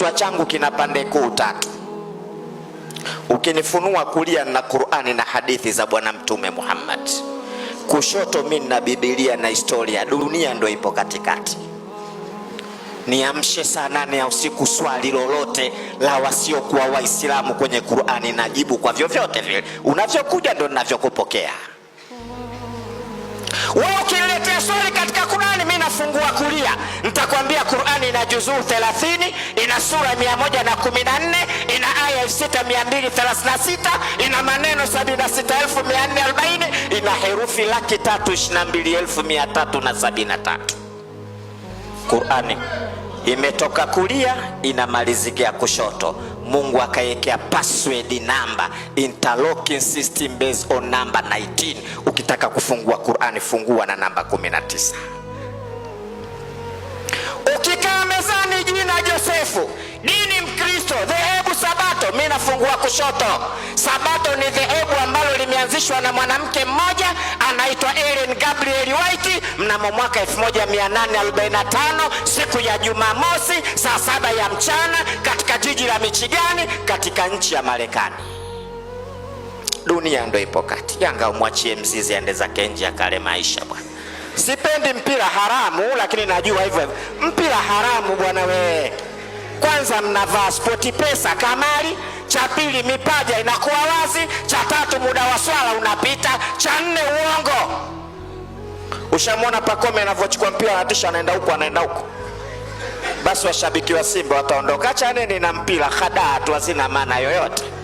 kichwa changu kina pande kuu tatu. Ukinifunua kulia na Qur'ani na hadithi za Bwana Mtume Muhammad, kushoto mimi na Biblia na historia, dunia ndio ipo katikati. Niamshe saa nane ya usiku, swali lolote la wasiokuwa Waislamu kwenye Qur'ani najibu kwa vyovyote vile. Unavyokuja ndio ninavyokupokea wewe. Ukiniletea swali katika Qur'ani, mimi nafungua kulia, nitakuwa ina juzuu 30 ina sura 114 ina aya 6236 ina maneno 76440 ina herufi laki tatu Qurani imetoka kulia inamalizikia kushoto. Mungu akawekea password namba interlocking system based on number 19. Ukitaka kufungua Qurani fungua na namba 19. Kristo, dhehebu Sabato, mimi nafungua kushoto. Sabato ni dhehebu ambalo limeanzishwa na mwanamke mmoja anaitwa Ellen Gabriel White mnamo mwaka 1845 siku ya Jumamosi saa saba ya mchana katika jiji la Michigani katika nchi ya Marekani. Dunia ndio ipo kati. Yanga umwachie mzizi aende zake nje akale maisha bwana. Sipendi mpira haramu, lakini najua hivyo mpira haramu bwana, wewe kwanza mnavaa spoti pesa kamari, cha pili mipaja inakuwa wazi, cha tatu muda wa swala unapita, cha nne uongo. Ushamwona Pakome anavyochukua mpira anatisha, anaenda huku anaenda huku. Basi washabiki wa Simba wataondoka, cha nne na mpira, hadaa tu hazina maana yoyote.